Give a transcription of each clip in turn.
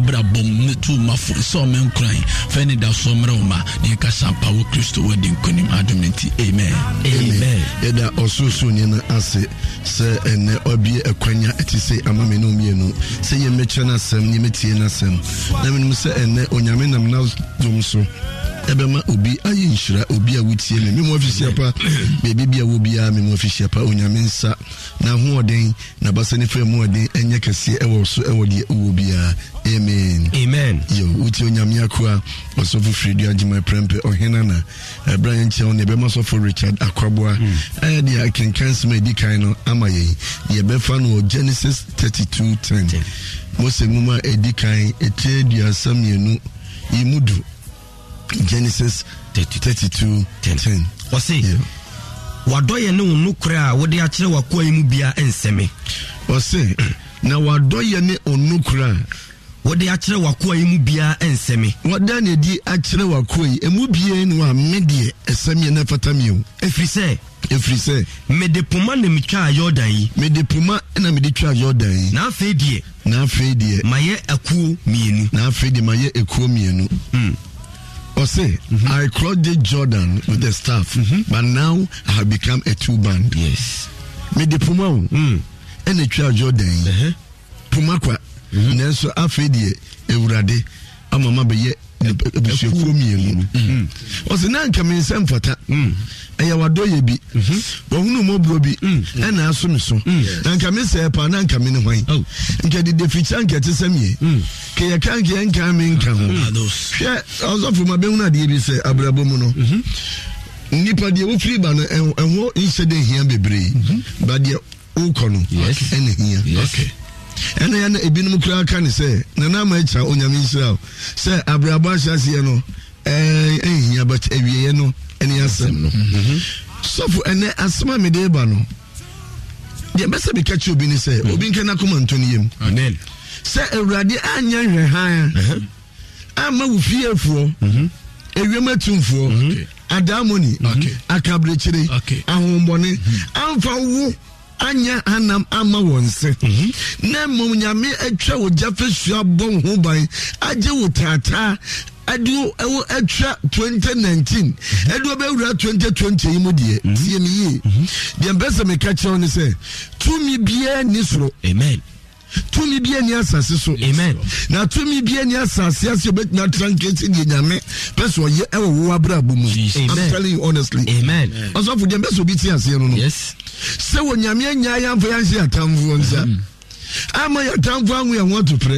abrabom ne tu ma fo sɛ ɔmɛ nkuran fɛn ne da so mmerɛ wo ma ne yɛka sampa wo kristo wadi nkonim adom no nti amen amen yɛda ɔsorosoroneɛ no ase sɛ ɛnɛ ɔbie ɛkwanya ɛte sɛ ama me ne ɔmmienu sɛ yɛmmɛkyerɛ no asɛm ne yɛmɛtie no asɛm na menom sɛ ɛnɛ onyame nam n'adom so ɛbɛma obi ayɛ nhyira obi a wotie me memu afihyia pa baabi bi a wɔ biara memu afihyia pa onyame nsa na ahoɔden na basa fa mu ɔden ɛnyɛ kɛseɛ ɛwɔ so ɛwɔ deɛ ɛwɔ biara amen amen yo wuti onyame akoa ɔsɔfo firidi agyima prɛmpɛ ɔhena na ɛberɛ yɛ nkyɛn ne ɛbɛma richard akwaboa ɛyɛ deɛ akenkan sɛm a ɛdi kan no ama yɛn deɛ ɛbɛfa no wɔ genesis 32 10 mose nwoma a ɛdi kan ɛtiri aduasa mmienu imudu genesis 32 10 ɔse yeah. wadɔyɛ ne wo nokorɛ a wode akyerɛ wakoa yi mu bia ɛnsɛme ɔse na wadɔyɛ ne onokorɛ a wɔde akyerɛ wakoa yi mu biara nsɛme wɔda na ɛdi akyerɛ wakoa yi ɛmu biara ne wa me deɛ ɛsɛm yɛ na ɛfata mi o ɛfiri sɛ ɛfiri sɛ mede poma na metwaa yordan yi mede poma na mede twaa yordan yi na afei deɛ na afei deɛ mayɛ akuo mmienu na afei deɛ mayɛ akuo mmienu mm. Ose, mhm. I crossed the Jordan with the staff, mm-hmm. but now I have become a two band. Yes. Me de Puma, mm. and a Jordan. uh Puma kwa Mhm. nanso afei deɛ awurade ama ma bɛyɛ abusuakuo mmienu mhm. mhm. ɔsɛ na nka nsɛ mfata ɛyɛ wadɔyɛ bi wahunu mmɔborɔ bi ɛna aso me so na nka me sɛɛ paa na nka me ne hwan oh. nka dedefikya nka ɛte sɛ meɛ kɛyɛ ka nka yɛnka me nka ho hwɛ ɔsɔfo ma bɛhunu adeɛ bi sɛ abrabɔ mu no nnipa deɛ wofiri ba no ɛho nhyɛ dɛ hia bebree ba deɛ wokɔ no ɛne hia ɛna yɛn ebinom kura aka ne sɛ nana ama akyira onyame nhyira o sɛ abrabɔ ahyɛ aseɛ no ɛɛ ɛhia but awieɛ no ɛne asɛm no mhm. sɔfo ɛnɛ asɛm a mede ba no deɛ bɛsɛ bɛka kyerɛ obi ne sɛ mhm. obi nka no akoma nto no yam sɛ awurade anyɛ nhwɛhan a ama wo fiefoɔ mhm. ewiem atumfoɔ adamoni akaberekyire ahombɔne amfa wo anya anam ama wɔn se na mmom nyame atwa wo gyafesua bɔ ho ban agye wo taataa ɛdu ɛwɔ ɛtwa twenty nineteen ɛdu ɔbɛwura twenty twenty yi mu deɛ tie mi yie deɛ mpɛsɛ kyerɛw ni sɛ tumi biara ni soro amen tumi bi ani asase so amen na tumi bi ani asase ase obetumi atrankrete deɛ nyame pɛ sɛ ɔyɛ ɛwɔ wo abrabɔ mu i'm telling you honestly amen ɔsɔfo deɛ mbɛ sɛ obi aseɛ no no sɛ wɔ nyame anya yɛ amfa yɛanhyɛ nsa mm-hmm. ama yɛatamfoɔ ahu yɛ ho atoprɛ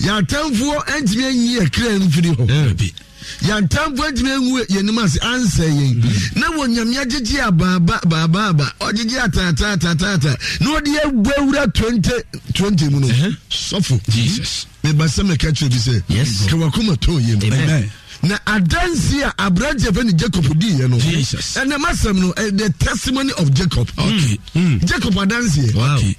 yɛatamfoɔ antumi anyi yɛ kra mfiri hɔ yɛntamfo atumi ahu yɛnim ase ansɛ yɛn mhm. na wɔ nyame agyegye abaaba baabaaba ɔgyegye ataataataataata na ɔde yɛbɔ awura 2020 mu no sɔfo meba sɛ meka kyerɛ bi sɛ kawakoma tɔɔ yɛ mu na adansi a aberanteɛ fɛ ne jacob diiɛ no ɛnam asɛm no the testimony of jacob okay. mm. jacob adanseɛ wow. okay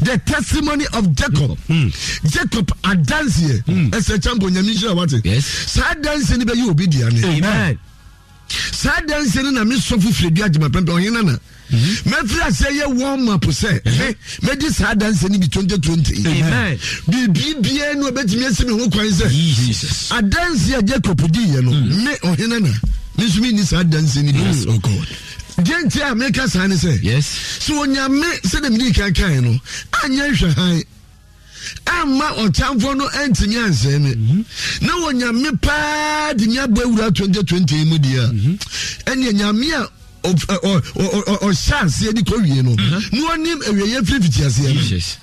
the testimony of jacob mm. mm. jacob adanseɛ ɛsɛ mm. kyampo nyame nhyira wate saa danseɛ mm-hmm. uh-huh. no bɛyɛ obi dua ne saa danseɛ no na mesɔfo firɛdu agyema pɛmpɛ ɔhena na mɛfiri asɛ yɛ wɔmap sɛ mɛdi saa danseɛ no bi 2020 biribibiaa no ɔbɛtumi asi me ho kwan sɛ adanseɛ a jacob diiɛ no mm. me ɔhena na me nso menni saa danseɛ no bi oh gyenti a meka saa ne sɛ sɛ onyame sɛde mene kankae no anyɛ hwɛ han amma ɔtamfoɔ no antumi ansɛe me na onyame paa de me abɔ awura 2020 mu deɛ a ɛneɛ nyame a ɔhyɛ aseɛ de kɔ wie no na ɔnim awieɛ firifiti aseɛ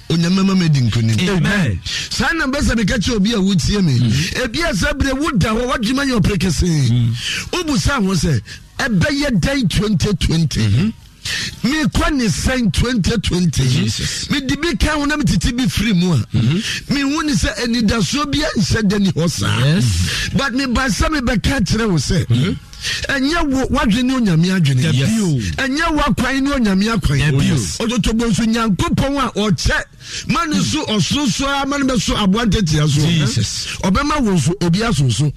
no onyamama madi nkonim saa na bɛsɛ meka kyerɛ obi a wotie me ebia sɛ berɛ woda hɔ woadwuma yɛ ɔpere kesee wobu sa ho sɛ ɛbɛyɛ dɛn 2020 mekɔ ne sɛn 2020 mede bi ka ho na metete bi firi mu a mehu ne sɛ anidasoɔ bi anhyɛ da ni hɔ saa but meba sɛ mebɛka kyerɛ wo sɛ ɛnyɛ wo wadwene ne onyame adwene ɛnyɛ woakwan ne onyame akwan ɔtotobɔ nso nyankopɔn a ɔkyɛ mm. eh? ma ne so ɔsoro so a ma ne bɛso aboa ntatia so ɔbɛma wo nso obi aso so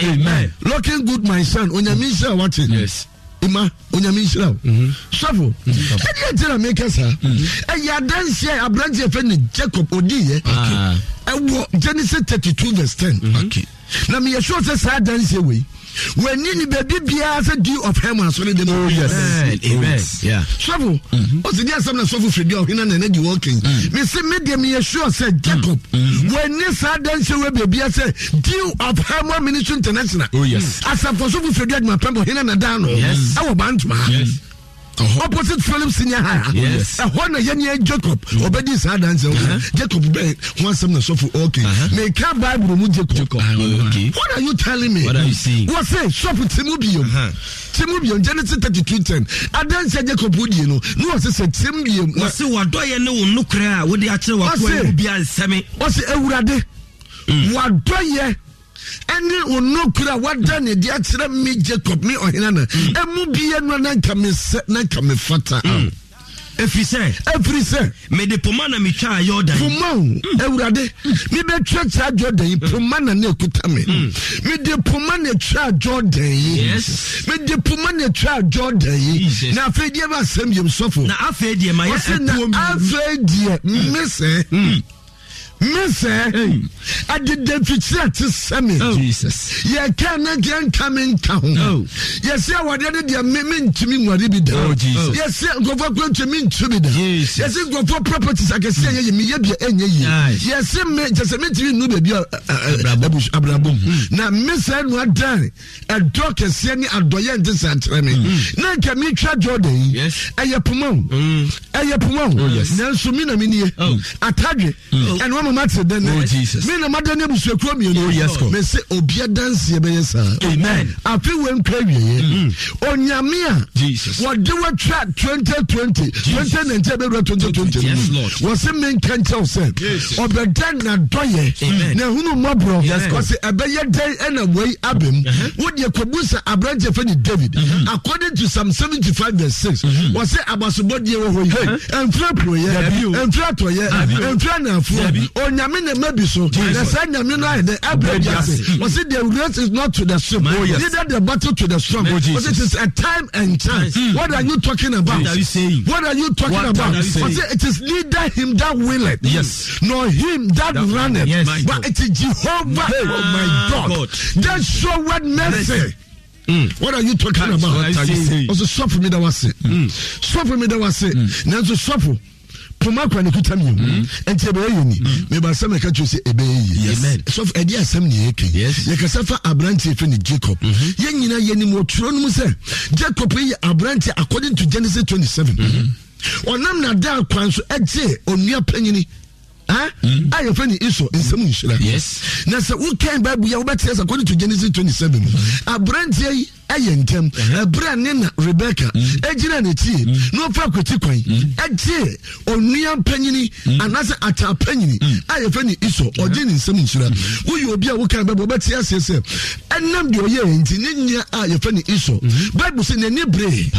looking good my son onyame mm. nhyira a wate ima onyame nhyira o mm-hmm. sɔfo mm-hmm. ɛdeɛ nti na meka saa mm-hmm. ɛyɛ adanseɛ aberanteɛ fɛ ne jacob odiiɛ ah. ɛwɔ genesis 32 verse 10 okay na meyɛ sure sɛ saa danseɛ wei w'ani ni baabi biara sɛ dew of herman so ne de no oh, sɔfo mm-hmm. ɔsi di asɛm na sɔfo firi deɛ ɔhena nana di wɔkin mm. mesi me deɛ meyɛ sure sɛ jacob mm. mm-hmm. w'ani saa danseɛ wei baabi sɛ dew of herman ministry international oh, asafo sɔfo firi deɛ adwuma pɛmpɛ ɔhena na dan no ɛwɔ bantoma Uh-huh. opposite philip senior high ɛhɔ na yɛneɛ jacob ɔbɛdi saa dansa jacob bɛ ho asɛm na sɔfo ok meka bible mu jacob uh-huh. what are you telling me What are wɔ se sɔfo te mu biom te mu biom genesis thirty-two 3210 adansa jacob wodie no ne wɔ se sɛ te mu biom wɔse wadɔyɛ ne wo nokorɛ a wode akyerɛ wakoa mu bia nsɛme ɔse awurade wadɔyɛ ɛne onokura wada ne de akyerɛ me jacob me ɔhena no mm. ɛmu biɛ no na nka mesɛ na nka mefata mm. ɛfiri sɛ ɛfiri sɛ mede poma na metwaa yordan poma o mm. awurade mebɛtwa saa jordan yi poma na ne ɛkuta me mede poma na ɛtwaa jordan yi mede poma na ɛtwaa jordan yi na afei deɛ ma asɛm yɛm sɔfo na afei deɛ ma yɛ ɛkuo mi na afei deɛ mesɛ mesɛ adedafikyerɛ te sɛme oh. yɛka na yɛnka me nka ho oh. yɛsɛ awadeɛ no deɛ mentumi nware bi da oh, yɛsɛ nkurɔfoɔ akorantua mentu bi da yɛsɛ nkurɔfoɔ properties akɛseɛ yɛyɛ meyɛ bia ɛnyɛ yie yɛsɛ me kyɛ sɛ mentumi nnu baabi abrabɔ mu hmm. na mesɛ no adan ɛdɔ kɛseɛ ne adɔyɛ nte saa nkyerɛ me hmm. na nka metwa jordan yi ɛyɛ poma o hmm. ɛyɛ poma o nanso me na menie atadwe ɛnoa na ma te dɛ nɛ mi na ma dɛ ne busuakuo mmienu oh, mɛ sɛ obiɛ danseɛ bɛyɛ saa amen afe wɛn kura wieɛ mm. onyame a wɔde wɔtwa twenty twenty twenty nineteen bɛ wura twenty twenty mu wɔsi mi nka nkyɛw sɛ ɔbɛda na dɔyɛ na ehunu mɔborɔ wɔsi ɛbɛyɛ dɛn ɛna wɔyi abɛm uh-huh. wɔdeɛ kɔbu sa aberanteɛ fɛ ni david uh-huh. according to psalm seventy five verse six uh-huh. wɔsi abasobɔdeɛ wɔ hɔ yi ɛnfura puroyɛ ɛnfura tɔyɛ ɛnfura naafuo onyame na ma bi so na saa nyame no ayɛ dɛ abrɛ ase wɔsi the race is not to the strong oh, yes. neither the battle to the strong oh, it is a time and chance mm. what are you talking about what are you saying what are you talking what about wɔsi it is neither him that will it. yes nor him that, that it. yes. but it is Jehovah hey. oh my ah, God, God. that showeth mercy. mercy. Mm. what are you talking That's about? ɔsɛ sɔfo mi da wa se hmm. sɔfo mi da wa Now to sɔfo poma kora ne kuta mmienu ɛnti mm-hmm. ɛbɛyɛ yɛ ni mm-hmm. meba sɛ mɛka kyerɛ sɛ ɛbɛyɛ yie sɔfo ɛde asɛm ne yɛka yi yɛkasa fa aberanteɛ fɛ ne jacob mm-hmm. yɛn nyinaa yɛnim wɔtwerɛ no mu sɛ jacob yi yɛ aberanteɛ according to genesis 27 ɔnam nada akwan so ɛgyee onua panyini a yɛfrɛ ne iso nsɛm nhyira na sɛ wokan bible yɛ wobɛteɛ sɛ according to genesis 27 aberanteɛ yi ɛyɛ ntɛm ɛberɛ ne na rebeka ɛgyina n'akyie na ɔfa akwati kwan ɛgyee ɔnua mpanyini anaasɛ ata panyini a yɛfrɛ ne iso ɔgye ne nsɛm nhyira woyɛ obi a mm-hmm. mm. mm. wokan bible wobɛteɛ aseɛ sɛ ɛnam deɛ ɔyɛɛ nti ne nya a yɛfrɛ ne iso bible sɛ n'ani beree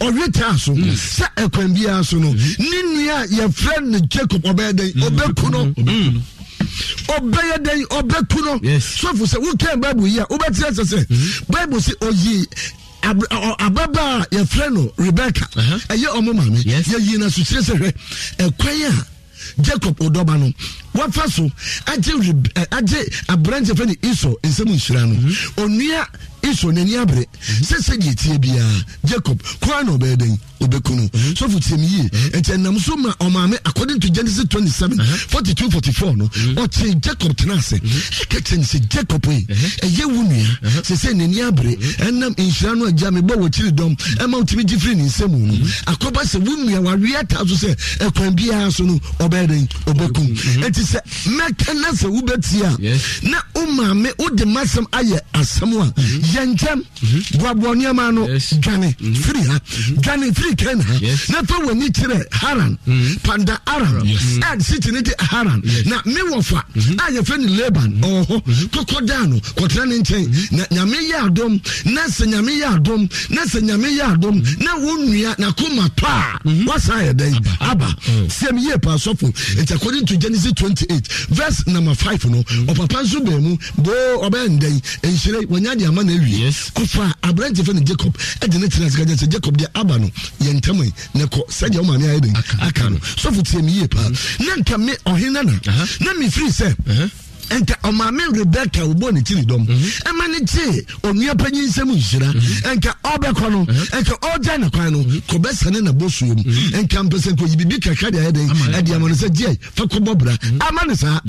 ɔwetaa so sɛ ɛkwan eh, biara so no ne nua a yɛfrɛ ne jacob ɔbɛyɛ dɛn ɔbɛku no ɔbɛyɛ dɛn ɔbɛku no sɔfo sɛ wokɛn bible yi a wobɛkyerɛ sɛ sɛ bible sɛ ɔyii uh, uh, ababaa a yɛfrɛ no oh, rebeka ɛyɛ uh-huh. ɔmo maame yɛyii no asokyerɛ sɛ hwɛ ɛkwan a jacob ɔdɔba no wafa so eh, agye aberante fɛ ne iso nsɛm nhyira no mhm. onua iso n'ani abere sɛsɛ mhm. deɛ tie biara jacob koraa na ɔbɛyɛ dɛn obɛkunu mhm. sɔfo tiɛ mi yie nti ɛnam so ma ɔmaame according to genesis twenty seven forty two forty four no ɔkye jacob tena ase ɛka kyerɛ ne jacob yi ɛyɛ wo nua sɛsɛ n'ani abere ɛnam nhyira no agya me bɔ wɔkyiri dɔm ɛma wotumi gye firi ne nsɛm no akɔba sɛ wo nua wawe ataa so sɛ ɛkwan biara so no ɔbɛyɛ dɛn obɛkum nti sɛ mɛka na sɛ wobɛtie a na wo maame wode masɛm ayɛ asɛm a mhm. yɛ mhm. boaboa nneɛma no mhm. dwane firi ha dwane firi kan ha na fa w'ani kyerɛ haran panda aram ad city ne de haran na me a yɛfɛ ne laban ɔwɔ kɔkɔdaa no kɔtena ne nkyɛn na nyame yɛ adom na sɛ nyame yɛ adom na sɛ nyame yɛ adom na wo nnua nakoma tɔ a woasan yɛ dɛn aba sɛm yie pa asɔfo nti according to genesis 20 28 verse number 5 no ɔpapa nso bɛn mu boo ɔbɛyɛ ndɛn nhyire wɔnya de ama na awie kɔfa aberante fɛ no jacob ɛde ne tena sika gyɛ sɛ jacob deɛ aba no yɛ ntam yi ne kɔ sɛdeɛ wo maame ayɛ den aka no sɔfo tie me yie paa na nka me ɔhene na na mefiri sɛ nka ɔmaame rebeka wobɔ ne tiri dɔm ɛma mhm. ne gye onua panyin nsɛm nhyira mhm. nka ɔbɛkɔ no mhm. nka ɔgya ne kwan no kɔbɛsane na bosuo mu nka mpɛ sɛ nkɔyi biribi kakra de ayɛdɛn ɛde ama no sɛ gyeɛ fa kɔbɔ bra ama ne saa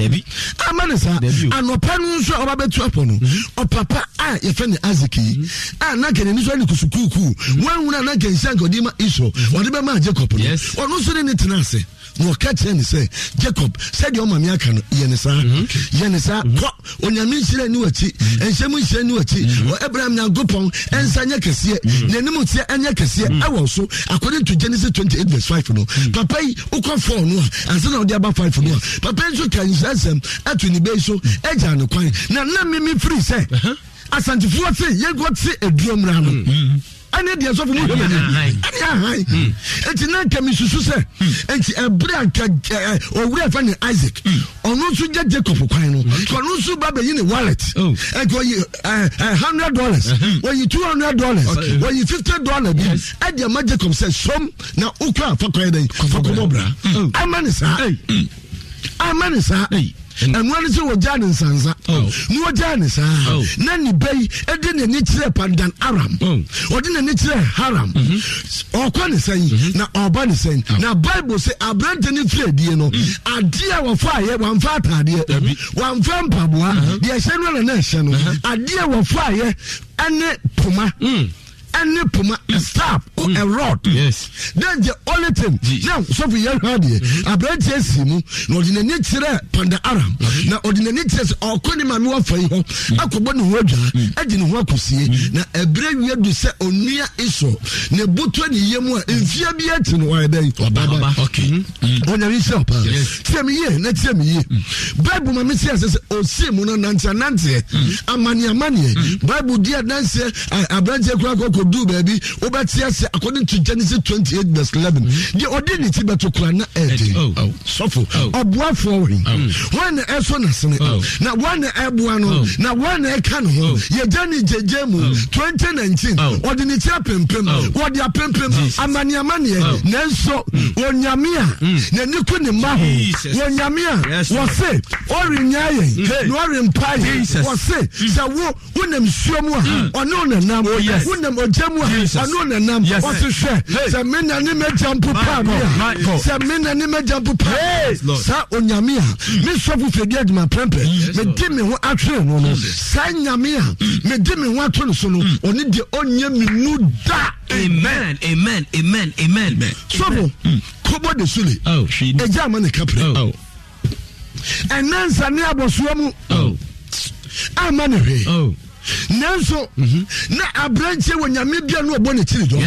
ama ne saa anɔpa no nso a ɔbɛbɛtu apɔ no ɔpapa a yɛfɛ ne azik yi a na kɛne ni so kuku kusukuukuu wanwuna na kɛnhyia nka ɔde ma iso ɔde bɛma jacob no ɔno nso ne ne tena ase na ɔka kyerɛ ne sɛ jacob sɛdeɛ ɔma me aka no yɛ ne saa kyɛ ne saa bɔ mhm. onyame nhyira ni wakyi mhm. nhyɛm nhyira ni wakyi mhm. abraham nyankopɔn ɛnsa nyɛ kɛseɛ n'anim teɛ ɛnyɛ kɛseɛ ɛwɔ so according to genesis 28 verse 5 no papa yi wokɔ 4 no a ansa na wɔde aba 5 no a papa yi nso ka nhyirasɛm ato ne bɛyi so agya no kwan na na meme firi sɛ uh-huh. asantefoɔ se yɛgɔ te aduo mmra no ɛne deɛ sɔfo mu hwɛ mani ɛne ahan nti hmm. na nka mesusu sɛ nti hmm. ɛberɛ anka ɔwura e, e, ɛfa ne isaac ɔno nso gya jacob kwan no ɔno hmm. nso ba bɛyi ne wallet nti oh. ɔyi e, hundred dollars ɔyi two hundred dollars ɔyi fifty dollars bi ɛde ɛma jacob sɛ som na wokɔ a fa kwan dɛn fa kɔmɔ bra ama ne saa ama ne saa ɛnoa no sɛ wɔgyaa ne nsansa na wɔgyaa ne saa na niba yi ɛde n'ani kyerɛ pandan aram ɔde n'ani kyerɛ haram mhm. ɔkɔ ne sɛn mhm. na ɔba ne sɛn na bible sɛ aberante ne firi adie no mhm. adeɛ a wɔfaayɛ wɔamfa ataadeɛ wɔamfa mpaboa deɛ ɛhyɛ no na ɛhyɛ no adeɛ a wɔfaayɛ ɛne poma any puma a staff or hmm. a rod. Yes. Then the only thing now so we are ready. I brought yes him no the nature panda aram. Mm-hmm. Now ordinary nature or kuni mami wa fai ho. Akobon hoja. I didn't work to see. Mm-hmm. Now a brave year to say on oh, near iso. Ne butu ni yemu in fear be at in why they. Okay. Mm-hmm. On your shop. Yes. Tell me here. Let's tell me here. Bible mama says o oh, se mu no nante nante. Amani amani. Bible dear nante. I brought you oduu baabi wobɛte ase according to genesis 28 verse 11 mm. deɛ ɔde ne ti bɛto kora na ɛde oh. sɔfo oh. ɔboafoɔ we oh. wɔn na ɛsɔ nasene na wɔn na ɛboa no na wɔn na ɛka ne ho yɛgya ne gyegye mu 2019 ɔde ne ti apempem wɔde apempem amaneamaneɛ nanso mm. wɔnyame a mm. n'ani niku ne mma ho wɔnyame a wɔse ɔrenyaa yɛn na ɔrempa yɛn wɔse sɛ wo wonam nsuo mu a ɔne wo nanam wonam nkyɛn mu ɛnu nenam ɔsi hwɛ sɛ mi na ni mɛ gya mpo paa mi na ni mɛ gya mpo paa saa mi mm. sɔfo fɛdi adwuma pɛmpɛ mi mm. di mi ho atwere no no saa nyame mi mm. di mi ho ato ne so no ɔne deɛ mi mu da. amen amen amen amen. sɔfo kobo de sule ɛgya oh, ama ne kapere oh. oh. ɛnansa ne abɔsoɔ mu ama nanso mhm. na aberanteɛ wɔ nyame bia no ɔbɔ ne kyiri dɔ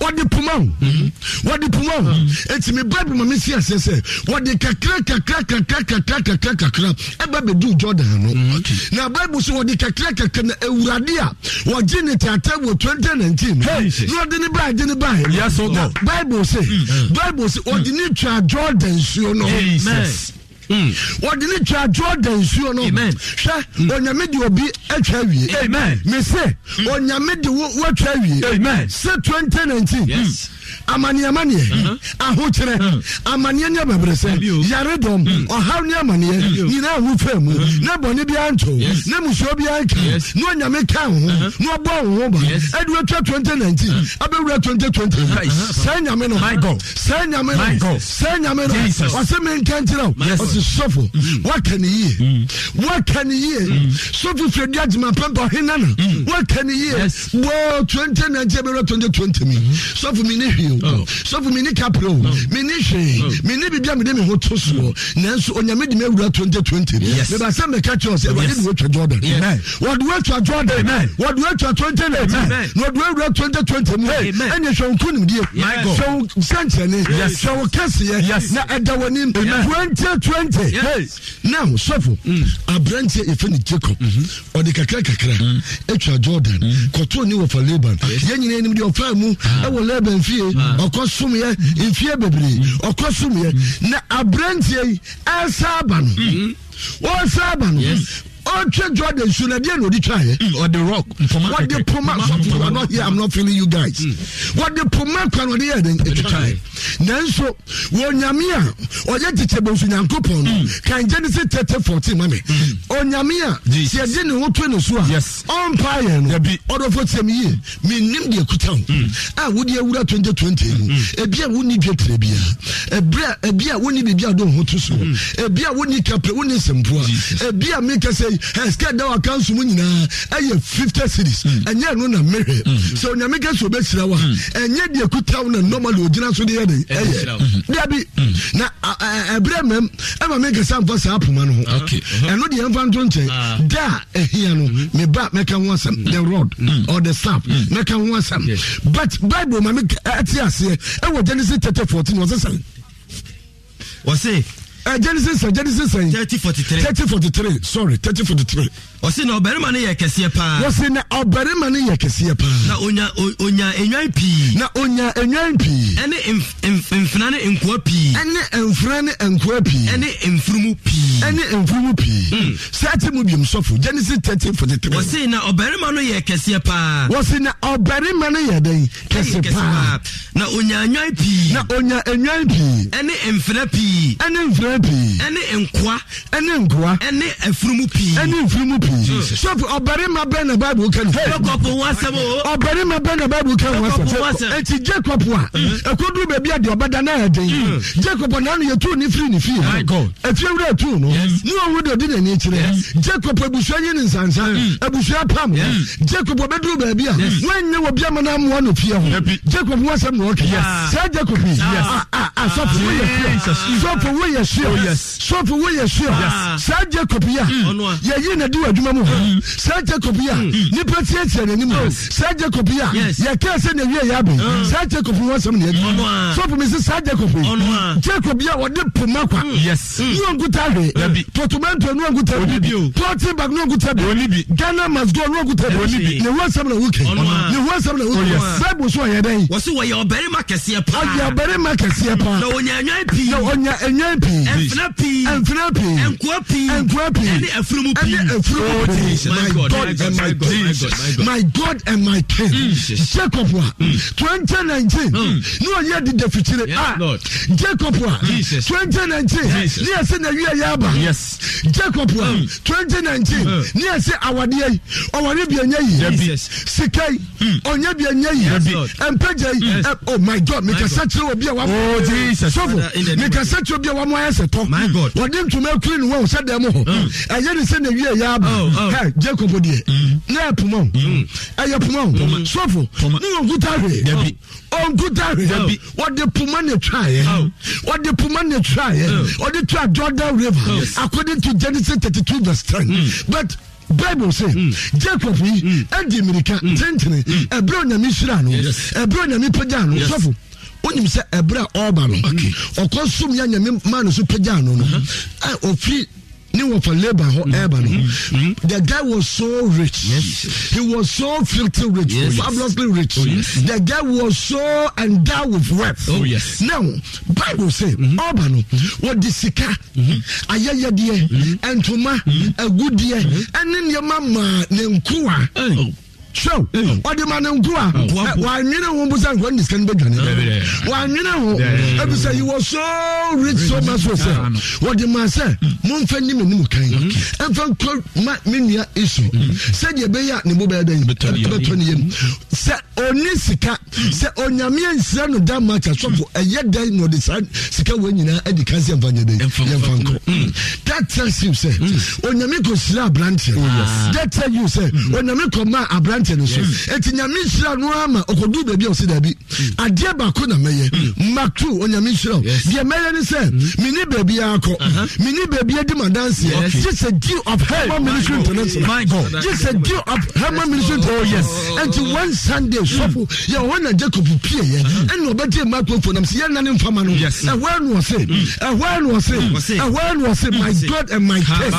wɔde poma ho mhm. wɔde poma ho mhm. eti mi bible ma mi si ase sɛ wɔde kakra kakra kakra kakra kakra kakra ɛba bɛdu jordan no na bible so wɔde kakra kakra na ewurade a wɔgye ne tata wɔ twenty nineteen no na wɔde ne baa de ne baa yɛ na bible se mm, mm. bible se wɔde ne twa jordan suo no wɔde ne twa jordan nsuo no hwɛ onyame de obi atwa awie mese onyame de woatwa awie sɛ 2019 amaneɛ maneɛ ahokyerɛ amaneɛ ne abɛbrɛ sɛ yaredɔm ɔhaw ne amaneɛ nyinaa ho fɛ mu na bɔne biara nkyɛw na musuo biara nka na onyame ka wo ho mhm. na ɔbɔ wo ho ba ɛde watwa 2019 abɛwura 2020 saa nyame no saa nyame no saa nyame no ɔsɛ menka nkyerɛ wo ɔse sɔfo mhm. woaka ne yie mhm. woaka ne yie sɔfo firi adi agyema pɛmpa ɔhena na woaka ne yie bɔ 2019 abɛwura 2020 mi sɔfo mi ne hwee So, nko oh. sɔfo mene kapro oh. mene hwee oh. mene biribia mede me ho to soɔ mm. nanso onyame de me awura 2020 meba sɛ meka kyerɛ sɛ awurade de woatwa jordan wɔde woatwa jordan wɔde woatwa 2019 na wɔde woawura 2020 mu ɛne hwɛ wo nkonimdie hwɛ wo sɛnkyɛne hwɛ wo kɛseɛ na ɛda w'anim 2020 Now, so, mm. aberanteɛ yɛfɛ ne jacob mm-hmm. ɔde kakra kakra mm. atwa jordan kɔtoo ne wɔfa laban yɛn nyina anim deɛ ɔfaa mu ah. ɛwɔ laban fie ah ɔkɔ sumyɛ mfie bebree ɔkɔ sumyɛ na aberanteɛ yi ɛsa aba no wɔsa aba no ɔtwe jordan su na deɛ na ɔde twaeɛ hmm, ɔde rock mpoma wɔde poma sɔfo wa not here i'm not feeling you guys hmm. wɔde poma kwan ɔde yɛ den ɛtwaeɛ nanso wɔnyame a ɔyɛ tete bɔnsu nyankopɔn no hmm. kan genesis thirty fourteen mami ɔnyame a tiɛ de ne ho to ne so a ɔmpa yɛn no ɔdɔfo tiɛm yie menim deɛ kuta ho a wode awura twenty twenty mu ebi a wonni dwe tere bia ebi a wonni biribi a ɔde ho to so ebi a wonni kapre wonni nsɛmpoa ebi a mekasa yi skɛt da wakanso mu nyinaa ɛyɛ 50 series hmm. ɛnyɛ ɛno na mmerɛ hmm. sɛ onyame kɛ sɛ obɛhyira wo a hmm. ɛnyɛ deɛ kutaw na normally ogyina so de yɛ de ɛyɛ dabi na ɛberɛ mam ɛma menkasa mfa saa apoma no ho uh-huh. ɛno deɛ ɛmfa nto nkyɛn ah. da a ɛhia no meba mɛka ho asɛm the rod or the sap mɛka ho asɛm but bible ma me aseɛ ɛwɔ genesis 30 14 wɔse sɛn wɔse ẹ jẹnisi sẹ jẹnisi sẹ. thirty forty three thirty forty three sorry thirty forty three. ọ̀sìn na ọ̀bẹ̀rẹ̀mà ni yẹ kẹsíẹ paa. ọ̀sìn na ọ̀bẹ̀rẹ̀mà ni yẹ kẹsíẹ paa. na onya onya enyan pii. na onya enyan pii. ẹni nfuna ni nkuwa pii. ẹni nfuna ni nkuwa pii. ẹni nfurumu pii. ẹni nfurumu pii. Hmm. sẹ́ẹ̀tì mu bìí nsọ́fù jẹnisi thirty forty three. ọ̀sìn na ọ̀bẹ̀rẹ̀mà ni yẹ kẹsíẹ paa. ọ̀sìn na ọ̀bẹ̀rẹ̀mà ni yẹ dẹ́yìn kẹsí paa. na onya enyan pii. na onya enyan pii. ẹni nfuna pii. ẹni nfuna ɛyɛ pii ɛne nkoa ɛne nkoa ɛne afunumu pii ɛne nfunumu pii sop ɔbarima bɛn na baabu kan hey jacob wasɛm o ɔbarima bɛn na baabu kan wasɛm eti jacob a ekodu beebi a deɛ ɔbɛda na yɛ den jacob n'ano yɛ tu ne firi ne fie efie wura tu no ne owu de odi n'ani ekyirɛ jacob ebusua nye ne nsansan mm. ebusua pam jacob ɔbɛduru beebi a wɔnyɛ wɔ biama n'amoa no fie ho jacob wasɛm na ɔkɛ sɛ jacob yi asɔfo woyɛ sɔfo woyɛ sɔ sure sopo woyɛ sure saa jacob yi a yɛyi na di wɔ adwuma mu hɔ saa jacob yi a mm. nipa tiatia n'anim saa jacob yi a yɛkaa sɛ na wie yɛ abɛn saa jacob yi wɔn asɛm na yɛdi sopo mi sɛ saa jacob yi jacob yi a wɔde poma kwa mm. mm. nuwankuta hwɛ totomento nuwankuta bi plɔtin bag nuwankuta bi ghana must go nuwankuta bi ne ho asɛm na wuke ne ho asɛm na wuke oh, bible so ɔyɛ dɛ yi. wɔsi wɔyɛ ɔbɛrima kɛseɛ paa ɔyɛ ɔbɛrima kɛseɛ paa na ɔnya ɛnwan pii na ɔnya ɛnwan pii pii pii ɛnfina pii ɛnkoa pii ɛnkoa pii ɛne efunumu pii ɛne efunumu oh, pii my god and my king my god and my king jacob wa hmm. twenty nineteen hmm. ní o yẹ di dẹfitire a ah. jacob wa twenty nineteen ní ẹsẹ na wíyà yà bá jacob wa hmm. twenty nineteen ní ẹsẹ awadeɛ yi ɔwari bi ɛnyɛ yi sika yi ɔnyɛ bi ɛnyɛ yi ɛmpɛgya yi oh my god mikasa kyerɛ obi a wa mɔ sɔfo mikasa kyerɛ obi a wa mɔ ayɛ sɛ tɔ hmm. wɔde ntoma akuri ne wɔn sɛ dɛm hɔ hmm. ɛyɛ ne sɛ na wie yɛ aba hɛ oh, oh. jacob deɛ hmm. ne yɛ poma o ɛyɛ poma o sɔfo ne yɛ nkuta hwee ɔnkuta hwee oh, wɔde poma ne twa yɛ wɔde poma ne twa yɛ wɔde twa jordan river according to genesis thirty two verse ten but. bible say jacob yi adi mm. mirika mm. tentene ɛberɛ onyame hyira no ɛberɛ onyame pagya sɔfo wonim sɛ ɛberɛ a ɔreba no ɔkɔ som yɛ nyame ma no so pagyaa no no uh-huh. a ɔfiri ne wɔfa hɔ ɛreba no mm-hmm. Mm-hmm. the guy was so rich yes. he was so filthy rich yes. fabulously rich oh, yes. the guy was so endowed with wealth oh, yes. now bible say mm-hmm. ɔreba no wɔde sika ayɛyɛdeɛ ntoma agudeɛ ɛne nneɛma maa ne nkoa sew ɔde hmm. ma ne nkoa hmm. eh, wanwene ho busa nkoa ne sika no bɛdwane wanwene ho yi wɔ so rich so much for sɛ wɔde ma sɛ momfa nim anim kan hmm. ɛmfa nkɔ ma me nua isu sɛdeɛ ɛbɛyɛ a ne bo bɛyɛ dɛn bɛtɔ ne yam sɛ ɔne sika sɛ onyame ansira no da match asɔfo ɛyɛ dɛn na ɔde saa sika wɔ nyinaa adi kan sɛ ɛmfa nyɛ dɛn yɛmfa nkɔ that tells you sɛ onyame kɔsira aberanteɛ oh, that tells you sɛ onyame kɔma aberanteɛ aberanteɛ no so ɛti nyame nhyira no ama ɔkɔduu baabi a ɔsi daabi adeɛ baako na mɛyɛ mark onyame nhyira o deɛ mɛyɛ ne sɛ mene baabi akɔ mene baabi adi ma danseɛ gye sɛ of herman ministry international gye sɛ of herman ministry international ɛnti one sunday sɔfo yɛ hɔ na jacob pie yɛ ɛna ɔbɛtie microphone nam sɛ yɛnna ne mfama no ɛhɔ no ɔse ɛhɔ no ɔse ɛhɔ no ɔse my god and my test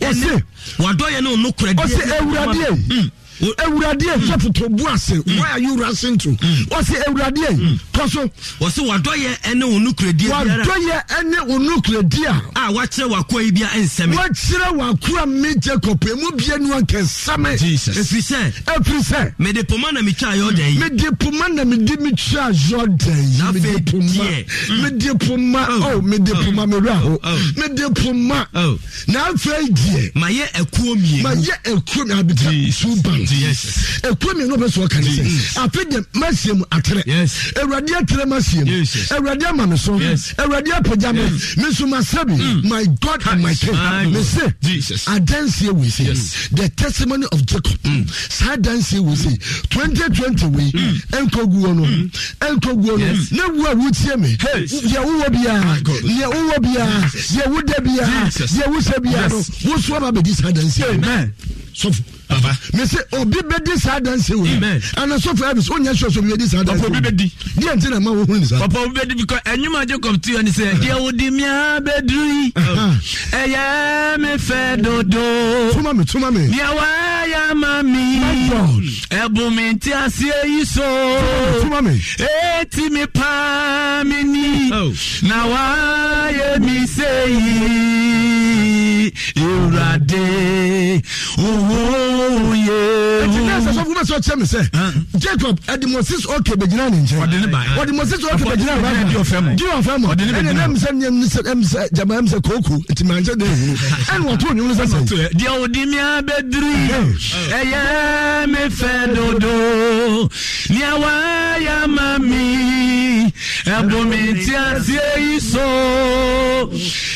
ɔse wadɔyɛ ne onokorɛ deɛ ɔse awurade ewurade yɛ foto bu ase mm. why are you rushing to mm. wɔsi ewurade mm. kɔ so. wɔsi wadɔyɛ ɛne onukuredi biara wadɔyɛ ɛne onukuredi a. a wakyerɛ wakɔ yi bia nsɛmɛ. wakyerɛ wakɔ a mi jacob emu bie nua nkɛnsɛmɛ. jesus efirisɛ. efirisɛ. poma na mi twa ayɔ dɛ yi. mede poma na mi di mi twa ayɔ dɛ yi. mede poma mede poma oh, oh, oh. oh. mede poma mi ra ho mede poma. n'afɛ diɛ. ma ɛkuo mie. ma ɛkuo mie abidjan suban ɛkuro mmienu bɛ sɔ kan sɛ afe deɛ masie mu atere awurade atere masie mu awurade ama me so awurade apagya me me so ma sɛbi mm. my god and my king me se adansie wei se the testimony of jacob mm. saa adansie wei se twenty twenty wei ɛnkɔgu mm. wɔ no ɛnkɔgu wɔ no ne wu a wotie me deɛ wowɔ biara deɛ wowɔ biara deɛ woda biara deɛ wosɛ biara no wosoa ba bɛdi saa adansie sɔfo mese obi bɛdi saa danse wo anasɔfo abis wonya sɛ sɛ miɛdi saa danse obi bɛdi deɛ nti na ma wohunu ne saa papa obi bɛdi because ɛnwuma jacob tuo ne sɛ deɛ wodi mia bɛduru yi ɛyɛ me fɛ dodo toma me toma me deɛ waayɛ ma mi ɛbu me nti aseɛ yi so toma me eti me paa me ni oh. na ye mi se yi ewurade owo mu ye. ɛti n'a sɛ sɔfin bɛsɛ ɔkyɛ mi sɛ jacob ɛdi moses ɔkè bɛgyina ne nkyɛn ɔdi ne ba ɔdi moses ɔkè bɛgyina ne nkyɛn di ɔfɛ mu di ɔfɛ mu ɛni n'a misɛn ni ɛmisɛn ɛmisɛn jama ɛmisɛn kooko ti maa nkyɛn de ehunu ɛni wɔn t'o nyɔnu sɛsɛ. diɛ o di mi abɛ diri ɛyɛ mi fɛ dodo ni awa ya ma mi ɛbùn mi ti a se yi so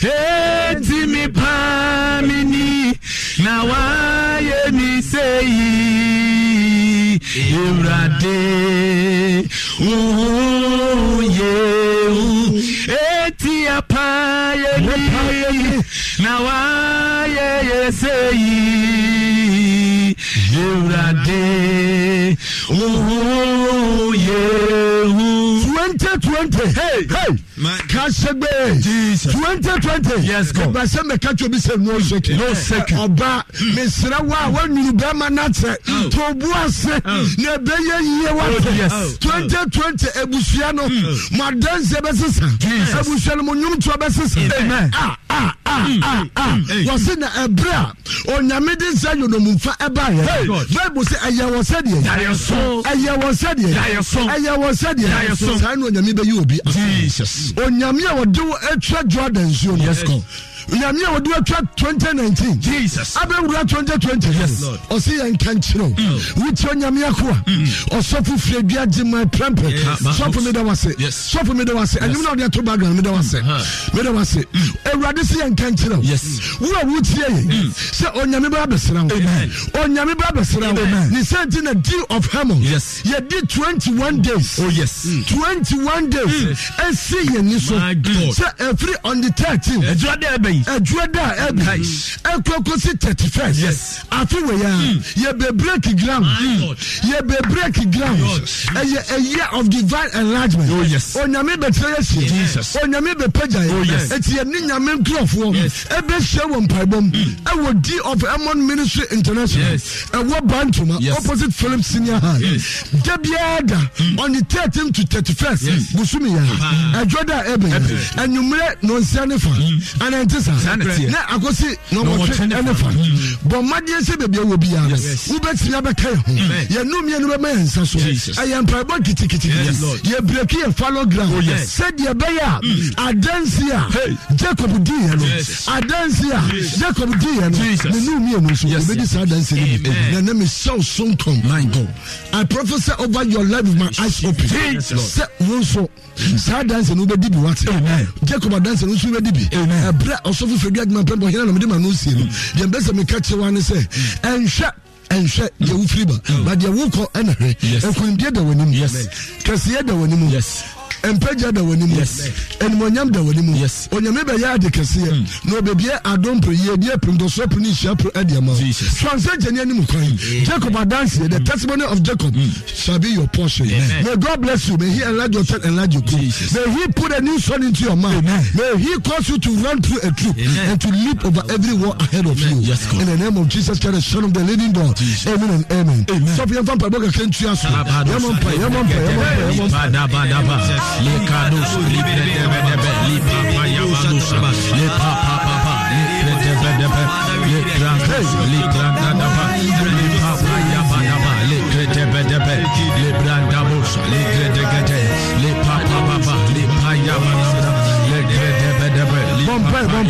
eti mi pa mi ni na wa ye mi seyi ewurade ohun yehu eti apa yebi na wa yeye seyi ewurade ohun yehu. twenty twenty hey hey kasebe twenty twenty ebase meka tso se no seki ọba mesra wa wa nuru bẹẹma n'atẹ to bu ase na ebe ye yie wa fẹ twenty twenty ebusua no mo adansi ebe sisan ebusua no mo nyum to ebe sisan a a a mm. a wɔsi na ɛbrɛ a nsa yonomufa ɛba yɛ baibu sɛ ɛyɛ wɔ sɛdeɛ ɛyɛ wɔ sɛdeɛ ɛyɛ wɔ sɛdeɛ saa na onyame bɛyi obi. jesus onyame a wɔde atwa jordan nsuo no nyame a wɔde atwa 2019 jesus abɛwura 2020 yes lord ɔsi yɛn nkankyerɛw mm. wotia nyame akoa mm. ɔsɔfo firi adua gyema pɛmpɛ sɔfo meda wase sɔfo meda wase ɛnyim na ɔde ato background meda wase uh-huh. meda wase mm. awurade si yɛn nkankyerɛw wo a wotia yɛ sɛ onyame bɛ abɛsra wo onyame bɛ abɛsra wo ne sɛ nti na deal of hamon yɛdi 21 days oh yes 21 days ɛsi yɛn ni so sɛ ɛfiri on the 13 ɛdura de ɛbɛ yi. ẹdúró da ẹ bi ẹ kó kó sí thirty first. yes àfiwé ya hmm. yẹ bẹ break ground yẹ hmm. bẹ break ground ẹ yẹ a year of divine enlargement. oh yes onyame bẹ tẹ ẹ jesus onyame oh, bẹ pẹja yẹ. oh yes eti eh, yẹ ni nyame nkurọfọ ẹ bẹ ṣe wọ mpaebom ẹ hmm. eh, wọ d of emon ministry international Yes. ẹ eh, wọ bantuma opposite philip senior high dẹbiẹ da on the thirteen to thirty first busumi ya ẹdúró da ẹ bẹ yẹ ẹnumere nonsia nifa ẹnẹ n ti na akosi na ɔmɔtwe ɛne fa bɔ mmadeɛ sɛ baabi awɔ biara no wobɛtumi abɛka yɛ ho yɛnom yɛ no bɛma yɛ nsa so ɛyɛ mpaebɔ kitikiti yɛ breki yɛ falo ground sɛdeɛ ɛbɛyɛ a adansi a jacob diiɛ no adansi a jacob diiɛ no ne no mmienu nso wɔbɛdi saa adansi no bi na ne mehyɛw so nkɔm i prophesy over your life with my eyes open sɛ wo nso saa adansi no wobɛdi bi wate jacob adansi no nso wobɛdi bi ɛberɛ ɔsɔfo fɛ bi adwuma pɛn bɔ hena na mede ma no sie no deɛ mbɛ sɛ meka kyerɛ wa ne sɛ ɛnhwɛ ɛnhwɛ deɛ wofiri ba mm. ba deɛ wokɔ ɛna hwɛ ɛkwandie da w'anim kɛseɛ da w'anim mpagya da w'anim animonyam da w'anim onyame bɛyɛ ade kɛseɛ hmm. na ɔbɛbie adompe yɛdeɛ pem dɔsoɔ pem ne nhyia pem ade ama swansɛ gyane anim kwan jacob adanseɛ the hmm. testimony of jacob hmm. shall be your portion may god bless you may he enlarge your tent enlarge your coat may he put a new sun into your mind. may he cause you to run through a troop and to leap over every wall ahead of you in the name of jesus christ son of the living god amen and amen sɔfin yɛn fa mpa ɛbɔ kɛkɛ ntua so yɛn mɔ mpa yɛn mɔ mpa yɛn mɔ mpa yɛn mɔ mpa. le kadus libre de bedebe li papa yamanusa le papa papa libre de bedebe le grande libre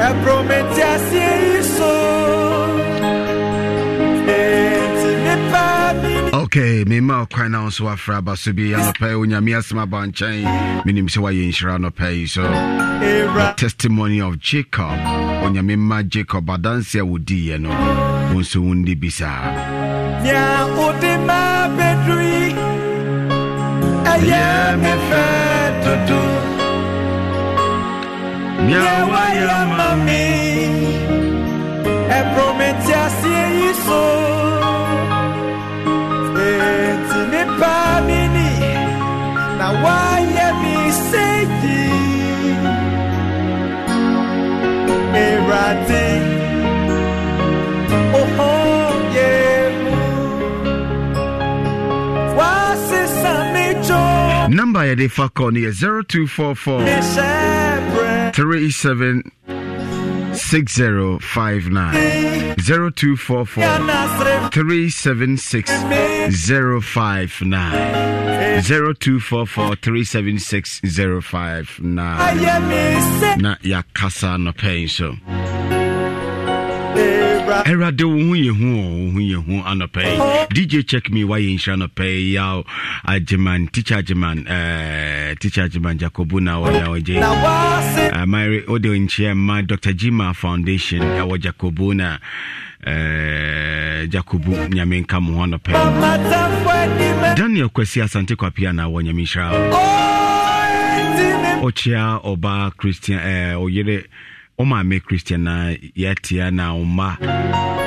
é prometi assim isso. Okay, Mema, ma kwan na So afra e ba so bi anɔpa onyame asɛm aba nkyɛn menim sɛ woayɛ nhyira anɔpa yi so the testimony of jacob onyame ma jacob adanse a wodiiɛ no wo nso wo bi saa nea wode ma bɛduri ɛyɛ me fɛ dodo miawa ya mami ɛpromete aseɛ yi so enti nipa mi ni na wayɛ mi seyi mewurade oho yɛ mu wasesa mi jo. namba yɛde fa kɔ no three seven six zero five nine zero two four four three seven six zero five nine zero two four four three seven six zero five nine na yakasa no pain so ɛwurade wo ho yɛ hu wo ho yɛ hu anɔpɛ dj check me wayɛ nhyira anɔpɛ yaw agyeman teacher agyeman uh, eh, teacher agyeman jacobu na wɔyɛ ɔgye uh, eh, wode nkyea ma dr gima foundation ɛwɔ Jakobu na uh, jacobu nyame nka mo ho daniel kwasi asante kwapia na wɔ nyame nhyira ɔkyea ɔbaa o maame christian na yɛatia na ɔma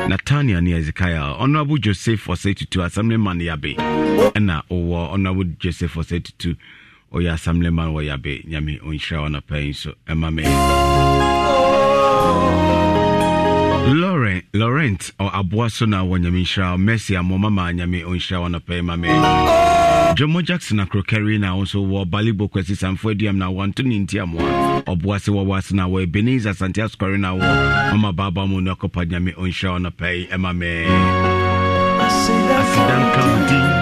natania ne hezekiah honorable joseph ɔsɛtutu assemblyman yabe ɛna ɔwɔ honorable joseph ɔsɛtutu ɔyɛ assemblyman wɔ yabe nyame ɔnhyira wɔ nɔpa yi ɛma me Laurent Laurent ɔ aboa so na wɔ nyame nhyira mercy amoma ma nyame ɔnhyira wɔ nɔpa ma me jomo jackson akrokari na nso wɔ balibo kwasi samfo aduam na wɔnto ne nti amoa ɔboase wɔwase na wɔ ebeneza asante asokɔre na wɔ mama baaba mu no akɔpa nyame ɔnhyira ɔnɔpɛi ɛma me asedanka wo din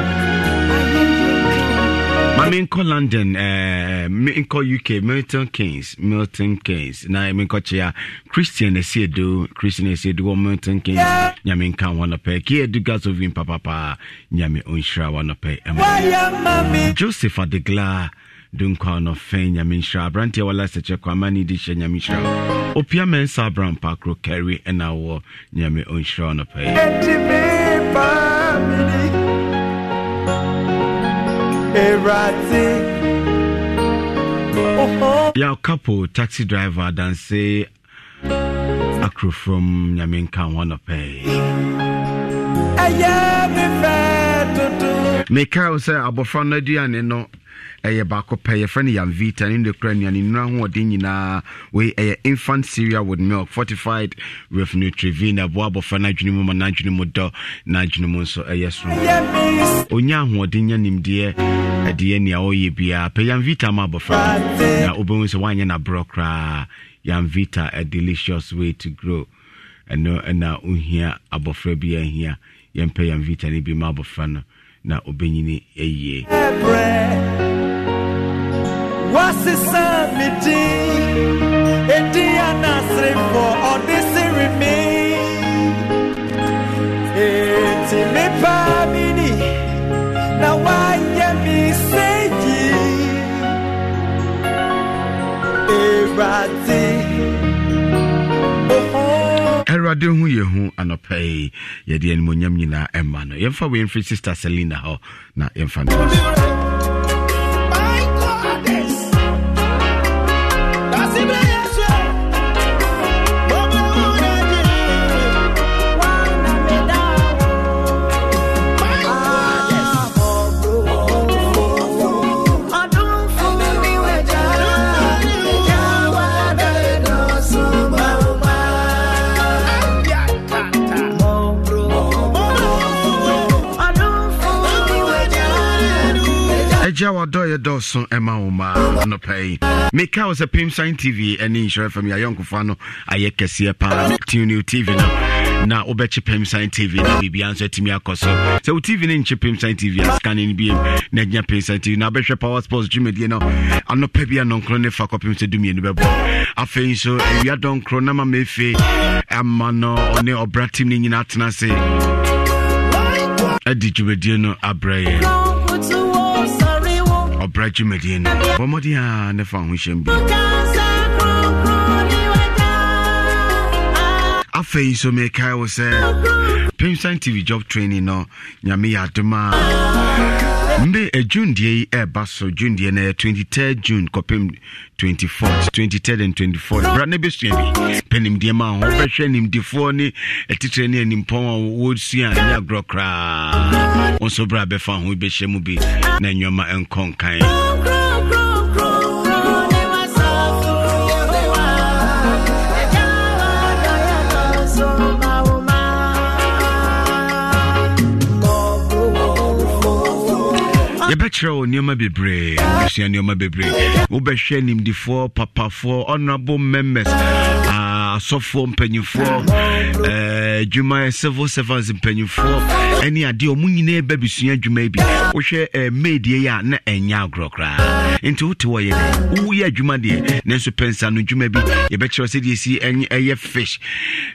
menkɔ london uh, eh, menkɔ uk milton kings milton kings na menkɔ kyea christian Edu, christian Edu wɔ milton kings yeah. nyame nka wɔnɔpɛ keadu gasovin papapaa nyame ɔnhyira wɔnɔpɛ ɛma joseph adegla dunkwa no fɛn nyame nhyira aberanteɛ wala sɛkyɛ kwama ne di hyɛ nyame nhyira opia mɛnsa abram pakro kari ɛna wɔ nyame ɔnhyira ɔnɔpɛ yi Your couple taxi driver than say Akru from Nyaminka wanna pay. Meka wo sɛ abɔfra no aduane no ɛyɛ baako pɛ yɛfrɛ no yamvita ne ne kora nnuane nnura hoɔden nyinaa wei ɛyɛ infant cereal with milk fortified with nutrivin abɔfra no adwene mu ma n'adwene mu dɔ n'adwene mu nso ɛyɛ so ɔnya ahoɔden nya nimdeɛ ɛde nea ɔyɛ biara pɛ yamvita ma abɔfra na wobɛhu sɛ woanyɛ naborɔ koraa yamvita a delicious way to grow ɛno ɛna wohia abɔfra bi ahia yɛmpɛ yamvita no bi ma abɔfra no na obɛnyini ayie wasesa mi din edi anasrefo ɔde siri mi eti mi paa mi ni na wayɛ mi seyi ewurade. awurade ho yɛ ho anɔpa yi yɛde animonyam nyinaa ɛma no yɛmfa wei mfiri sister selina hɔ na yɛmfa no ɔdɔ yɛ dɔɔso ɛma wo maa nɔpɛ yi meka wo sɛ pim sign tv ɛne nhyerɛ fam yɛ ayɔnkofoa no ayɛ kɛseɛ paa tunew tv no na wobɛkye pam sign tv na biribia nso atumi akɔ so sɛ wo tv no nkye pam sign tv a scanne no biam na anya pam sign tv na wobɛhwɛ power sports dwumadie no anɔpɛ bi a nɔnkoro ne fa kɔpem sɛ dumienu bɛbɔ afei nso awia dɔnkoro na ma ma ɛfe ama no ɔne ɔbra tim no nyinaa tena ase adi dwumadie no abrɛ yɛn brakye madie no a ne fa ho hyɛm bi afei nso mekae wo sɛ pimsan tv job training no nyame yɛ adom nde eh, june deɛ yi eh, ɛreba so june deɛ no 23 june kɔpem 24 23 and 24 bra na bɛsua bi panimdeɛ ma ho bɛhwɛ nimdifoɔ ne atitire eh, ne animpɔn a wɔsua nyɛ agorɔ koraa wo nso berɛ bɛfa ho bɛhyɛ mu bi na nnwɔma ɛnkɔ yɛbɛkyerɛ wo nneɛma bebree wobɛsua nneɛma bebree wobɛhwɛ nimdifoɔ papafoɔ honorable members ah, asɔfoɔ mpanyimfoɔ eh, adwuma civil servants mpanyimfoɔ ɛne adeɛ ɔmo nyinaa ba bisua adwuma bi wohwɛ eh, maidiɛ yi a na ɛnyɛ agorɔ koraa nti wote wɔyɛ woyɛ adwuma deɛ nanso pɛnsa no dwuma bi yɛbɛkyerɛ sɛdeɛ si ɛyɛ fish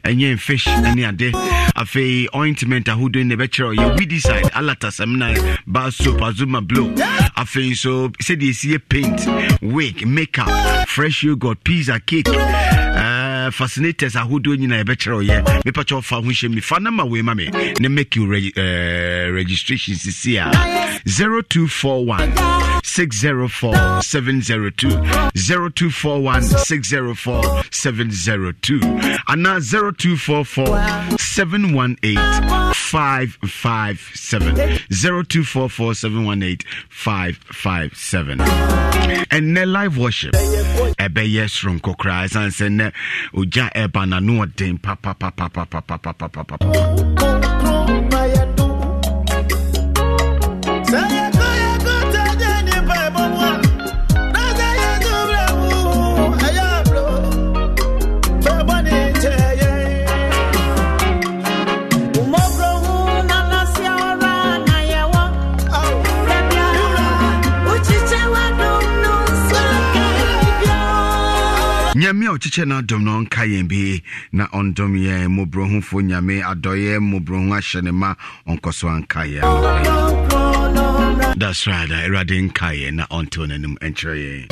ɛnyɛ fish ne ade afei ointment ahodoɔ ne side, yɛ wedicide alatasɛmna bar soap azuma blow afei nso sɛdeɛ si paint wig makeup fresh yogurt pizza cake Uh, fascinators ahodoɔ nyinaa yɛbɛkyerɛ yɛ mepakyɛ ɔfa ho hyɛ mi fa nama wei ma me ne make you re- uh, eh, registration sisi a 0241 604 702 0241 604 702 and 0244 718 557 0244 718 557 and their live worship ɛbɛyɛ pa pa pa pa pa pa pa pa pa pa pa. ọchịchị na adom no ɔnka ya ebi na ɔndom yɛn mmɔborɔhufoɔ nyame adɔyɛ mmɔborɔhu ahyɛ ne ma ɔnkɔ ya that's right awurade nka yɛn na ɔntew n'anim nkyerɛ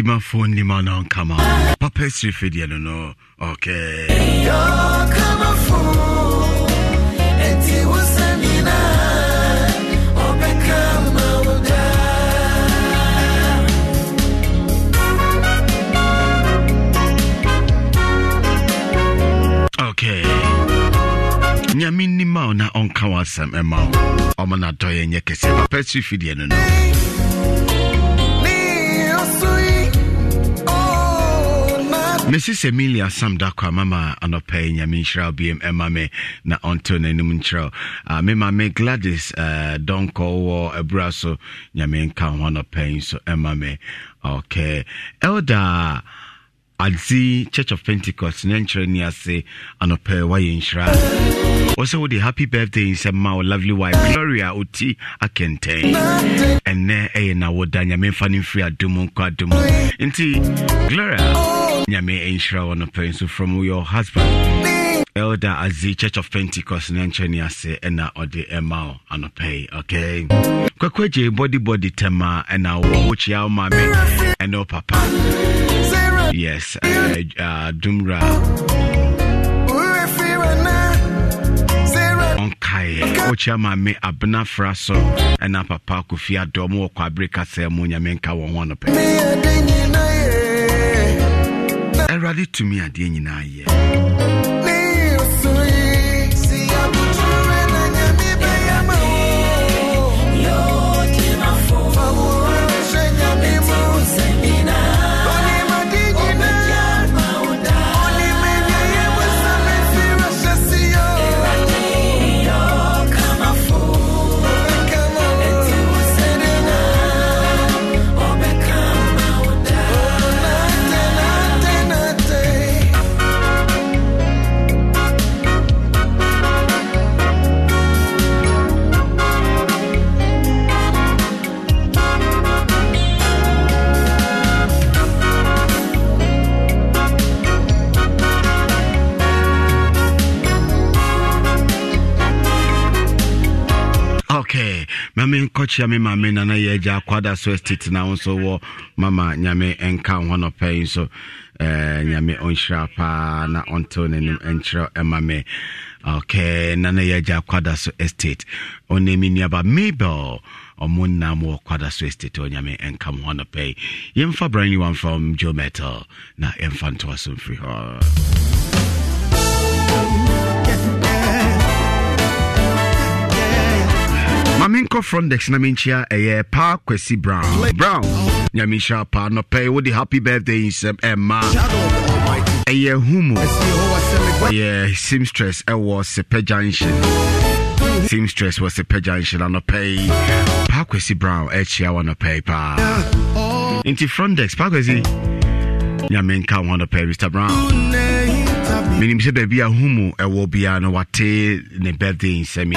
adimafoɔ nnim ana nkama papa asiri fɛdeɛ no no okay nyame nnim a wo ɔnka wɔ asɛm ɛma wo ɔma no adɔyɛ nyɛ kɛsɛ papa asiri fideɛ no no mrs emilia sam dakɔ amama anɔpɛ nyame nhyira biam ɛma me na ɔnto n'anim nkyerɛw uh, me ma me gladys uh, eh, dɔnkɔ wɔ abura so nyame nka ho anɔpɛ nso ɛma me okay elda adzi church of pentecost ne nkyerɛ ni ase anɔpɛ wayɛ nhyira wɔsɛ wode happy birthday nsɛm ma wo lovely wife gloria ɔti akɛntɛn ɛnɛ ɛyɛ na woda nyame mfa no mfiri adom nkɔ adom nti gloria nyame ɛnhyira wɔ no pɛ nso from your husband elder azi church of pentecost na nkyɛn ne ase ɛna ɔde ɛma o anɔpɛyi okay kwakwa gye body body tɛm a ɛna wɔ wokyia wo maame ɛne wo papa yes adumra uh, uh, kaeɛ oh, ma me abena fra so ɛna papa akofie adɔm wɔ oh, kwabere kasɛɛ mu nyame nka wɔn hɔ no pɛ awurade tumi adeɛ nyinaa yɛ mame nkɔkyea me mame nana yɛ agya akwada so estate na wo nso wɔ mama nyame nka ho nɔpɛ yi nso eh, nyame ɔnhyira paa na ɔntew n'anim nkyerɛ ɛma me okay nana yɛ agya akwada so estate ɔne me nuaba mabel ɔmo nam wɔ kwada so estate ɔnyame nka mo ho nɔpɛ yi yɛmfa brand one from joe metal na yɛmfa ntoa so mfiri hɔ menkɔ frontex na menkyia ɛyɛ pa kwasi brown brown nyamenhyia paa nɔpɛ wode happy birthday nsɛm ɛma ɛyɛ humu ɛyɛ simstress ɛwɔ sepɛ junction simstress wɔ sepɛ junction anɔpɛ yi pa kwasi brown ɛkyia wɔ anɔpɛ yi paa nti frontex paa kwasi nyame nka wo anɔpɛ mr brown menim sɛ baabi a humu ɛwɔ biara no wate ne birthday nsɛmi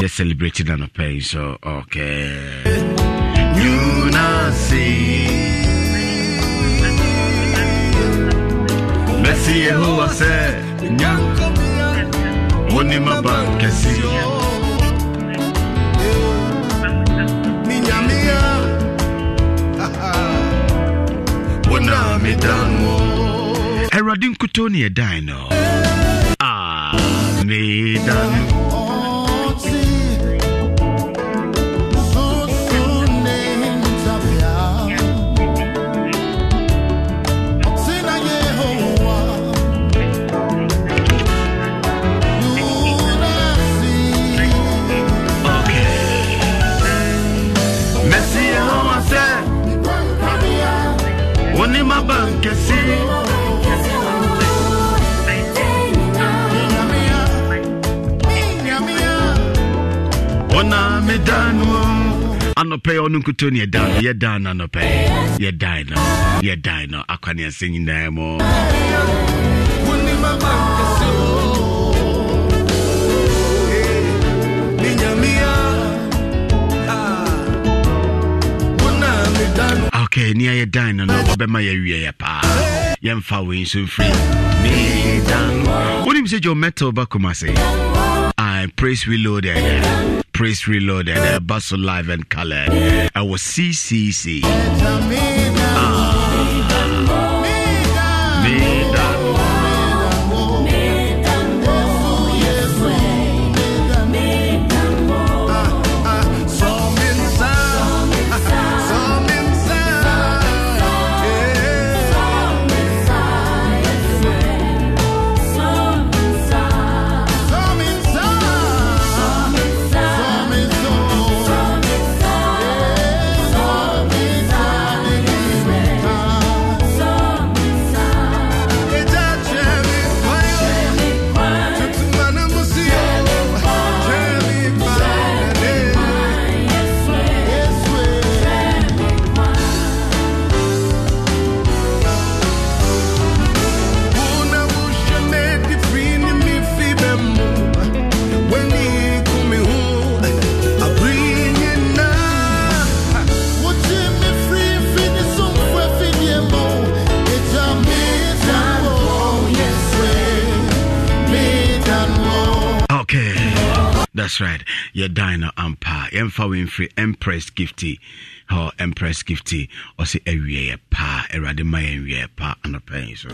yɛ celebrating so okay mɛsi yehowa sɛ nya awurade nkutoo ne ah, yɛdan no amedano anɔpɛ ɔno nkuto ne yɛdan no yɛdan no anɔpɛ yɛdan no yɛdan no akwaneasɛ nyinaa mu okay ni ayɛ dan no no wɔbɛma yɛawieɛ paa yɛmfa wei nso mfiri wonim sɛ gyo metal ba kɔma se praise reloaded Praise Reloaded, uh, Bustle Live and Color. I was CCC. yɛdan no ampa yɛmfa wei mfiri empress gifty hɔ empress gifty ɔsɛ awieɛ paa awurade ma yɛn wieɛ paa anɔpɛi so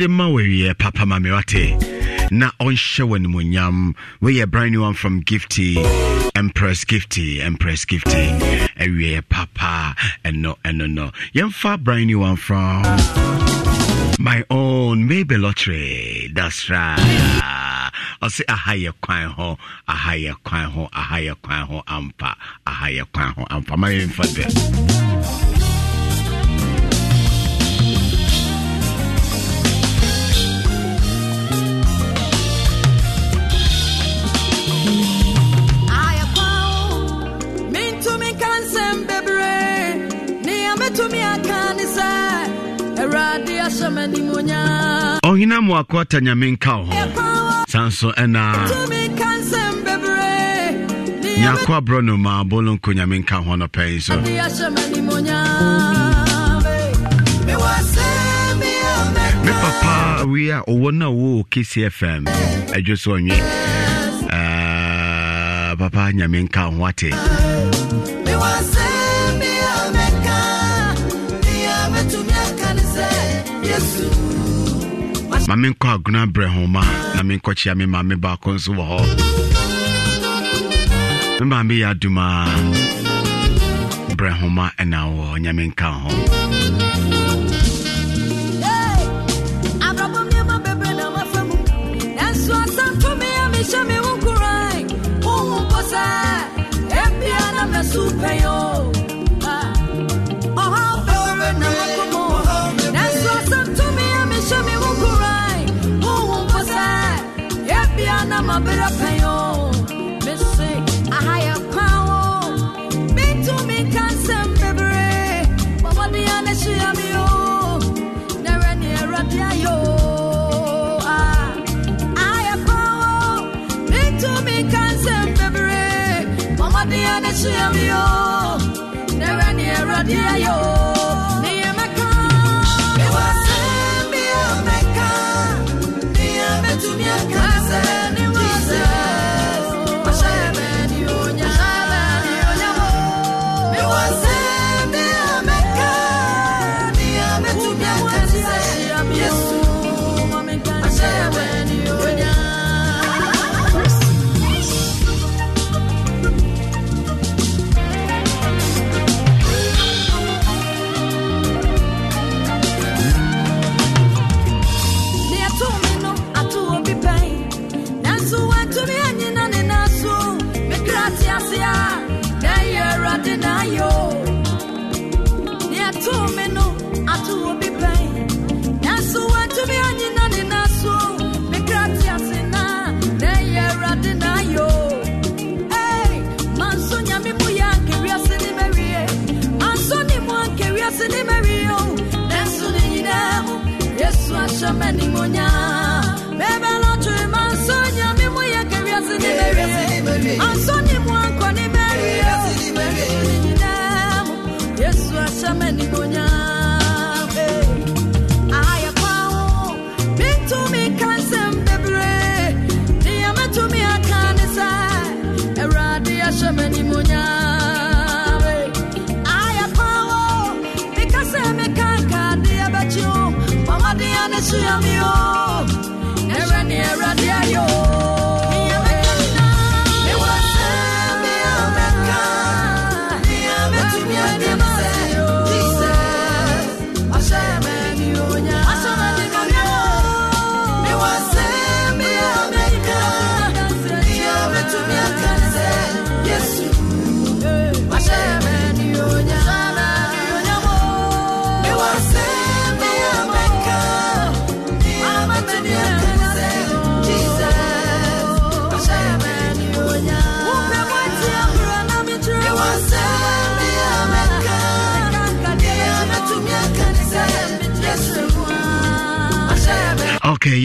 awurade ma wɔawiɛ papa ma me na ɔnhyɛ wɔ animonyam weyɛ brand new one from gifty empress gifty empress gifty awiɛ papa ɛno ɛno no yɛmfa brand new one from my own maybe lottery that's right ɔse aha yɛ kwan ho aha yɛ kwan ho aha yɛ kwan ho ampa aha yɛ kwan ho ampa ma yɛmfa bɛ ɔhena mu ako ata nyame nka wo ho saa nso ɛna nyako aborɔ no ma bolonko nyame nka ho nɔpɛi so me papa awie a ɔwɔ no a wɔwɔ kcfm adwo so ɔnwe ah, papa nyame nka ho ate ma menkɔ agona brɛ homa na menkɔkyea me maame baako nso wɔ hɔ me maame yɛ adomaa brɛ homa ɛna wɔ nyame nka ho Super dear oh. yo. Many.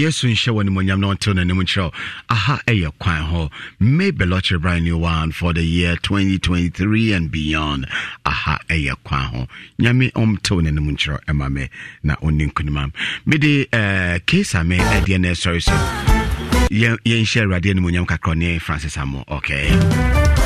yesu nhyɛ wɔ nimonyam na ɔntew n'anim nkyerɛ aha ɛyɛ kwan hɔ may belotry brand new one for the year 2023 and beyond aha ɛyɛ kwan ho nyame ɔmtew n'anim nkyerɛ ɛma me na ɔnni nkonimam mede kesa eh, me ɛdeɛ na ɛsɔre so yɛnhyɛ awurade animonyam kakra ne francis amo okay